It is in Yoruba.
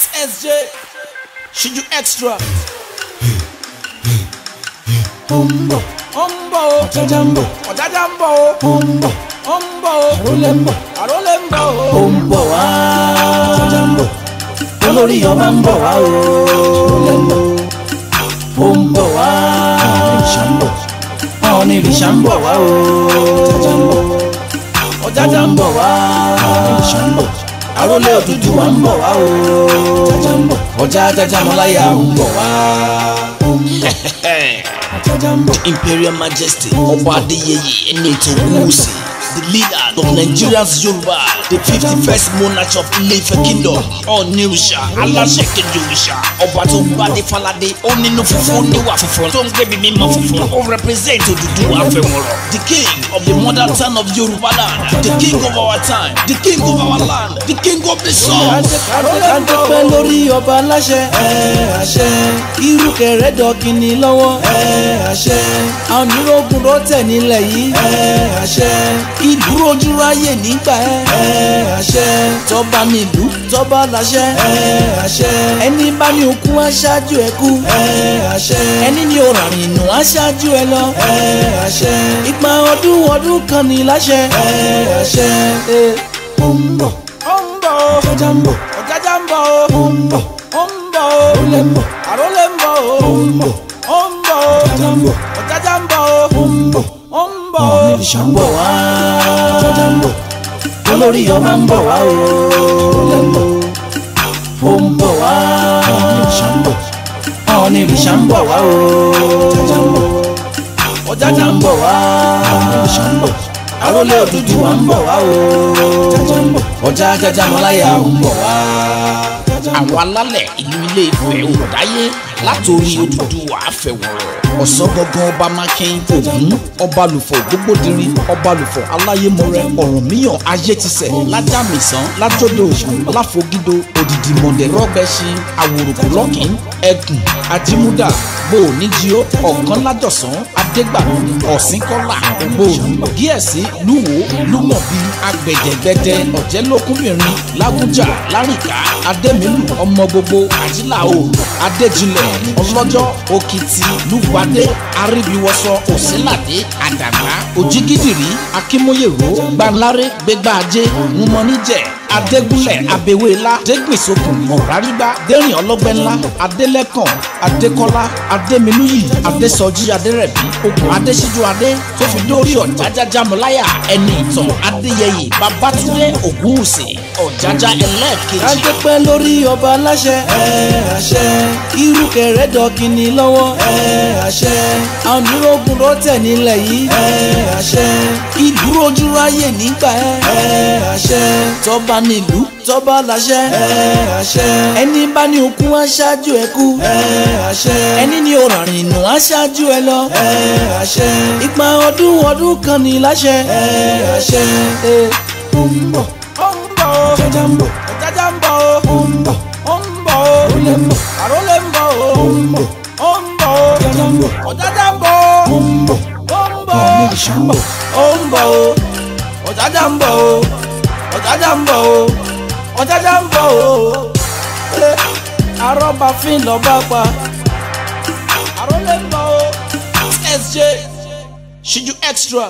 SJ Ṣíjú extra. ó ń bọ̀ ó ń bọ̀ o ọ̀jájá Humbo, bọ̀ ọ̀jájá ń bọ̀ o ó ń bọ̀ ó ń bọ̀ o àrólé ń bọ̀ àrólé ń bọ̀ o ó ń bọ̀ wá ọ̀jájá ń bọ̀ àrólé Odùduwà ń bọ̀ wá o ọjà Ajajamalaya ń bọ̀ wá. Imperial Majesty ọba Adéyẹyè ẹni ètò òwúwùsì the leader of Nigeria's Yoruba, the 51st monarch of Ile-Ife kingdom, Ọ̀ọ̀ni òrìṣà, aláṣẹ kejì òrìṣà, ọba tó gbadé faládé, ó nínú funfun níwà funfun, tó ń gbébi mímọ́ funfun, ó represent Odùduwà àfẹ̀mọ̀rọ̀. The king of the modern town of Yoruba land, the king of our time, the king of our land, the king of the sun. Kàńtó pẹ́ lórí ọba aláṣẹ, ẹ àṣẹ, irú kẹrẹ́ dọ̀kì ni lọ́wọ́, ẹ àṣẹ, àwọn onírògùn ló tẹ̀ nílẹ̀ yìí, ẹ àṣẹ, ìlú rojú ayé nígbà ẹ. ẹ àṣẹ. tọ́ba ni ìlú tọ́ba láṣẹ. ẹ àṣẹ. ẹni bá ní okun aṣáájú ẹ kú. ẹ àṣẹ. ẹni ní òràrìn inú aṣáájú ẹ lọ. ẹ àṣẹ. ipa ọdún ọdún kan ní láṣẹ. ẹ àṣẹ. ó ń bọ̀. ó ń bọ̀. ọ̀jájá ń bọ̀. ọ̀jájá ń bọ̀. ó ń bọ̀. ó ń bọ̀. ó ń bọ̀. àrólé ń bọ̀. ó ń bọ̀. ó ń bọ̀. ọ̀jájá ń bọ̀. ọ̀jájá ń bọ̀. ó ń bọ̀ bọ̀ o. ọ̀rọ̀ ìṣà ń bọ̀ wá jọjà ń bọ̀ olórí ọmọ ń bọ̀ wá o jọjà ń bọ̀ ó ń bọ̀ wá ọ̀rọ̀ ìṣà ń bọ̀ wá o jọjà ń bọ̀ wá ọ̀rọ̀ ìṣà ń bọ̀ arólé òdúdú wa ń bọ̀ wá o ọjà ajájà mọ́láyà ń bọ̀ wá. àwọn alálẹ̀ ìlú Ilé-Ifẹ̀ ò látòrí Odùduwà àfẹ̀wọ̀rọ̀ ọ̀sángangan ọba mákin ògún ọba lùfọ̀ gbogbogbòdìrí ọba lùfọ̀ aláyémọrẹ ọ̀rànmíyàn ayétisẹ̀ lájàmìsàn lájọdọ̀ òṣù láfọgídó òdìdí mọ̀dẹ̀ rọ́bẹ̀ṣin àwòròkọ lọ́kìn ẹ̀gùn àjímúdà gbòòníjì ó ọ̀kánlájọ̀sán adégbàmí ọ̀sìnkọ́lá ògbóòlù díẹ̀sí lúwo lúmọ̀bí agbẹ̀jẹ̀gbẹ̀dẹ ọ̀jẹ̀lókùnrin lágúnjà lárìká adẹ́mílù ọmọ gbogbo àjílà òòlù adéjìnlẹ̀ ọlọ́jọ́ òkìtì lúgbàdé aríbiwọsọ òsínlàdé àdàgbà òjìgídìrí akímóyèrò gbanláré gbégbáajé wúmọ́níjẹ̀ adégúnlẹ̀ abewéla dégbèsókùn mọ̀rárígbá dẹ́rìn ọlọ́gbẹ́nlá adélẹ́kàn adékọ́lá adéminúyì adésọjí adérẹ̀bí okùn adésíjú adé tó fi dórí ọ̀jájájámúláyà ẹni ìtàn adéyẹyè babátúndé ògúnwùsì ọ̀jájá ẹlẹ́ẹ̀kejì. adépẹ́ lórí ọba aláṣẹ ẹ àṣẹ irú kẹrẹ́dọ̀kìnì lọ́wọ́ ẹ àṣẹ àmì ogun ló tẹ̀ nílẹ̀ yìí. ẹ àṣẹ. ìdúró ojú ayé nígbà ẹ. ẹ àṣẹ. tọ́ba nílùú tọ́ba láṣẹ. ẹ àṣẹ. ẹni bá ní okun aṣáájú ẹ kú. ẹ àṣẹ. ẹni ní ọ̀ràn ìnù aṣáájú ẹ lọ. ẹ àṣẹ. ipa ọdún ọdún kan ní láṣẹ. ẹ àṣẹ. ó ń bọ̀. ó ń bọ̀ o. jájá ń bọ̀. jájá ń bọ̀ ó ń bọ̀. ó ń bọ̀ ó lè mọ̀ ń bọ̀ ọ̀jájá ń bọ̀ ó ń bọ̀ ọ̀ọ́nì ìṣá ń bọ̀ ó ń bọ̀ o ọ̀jájá ń bọ̀ o pa àrólé ń o SJ ṣíjú extra.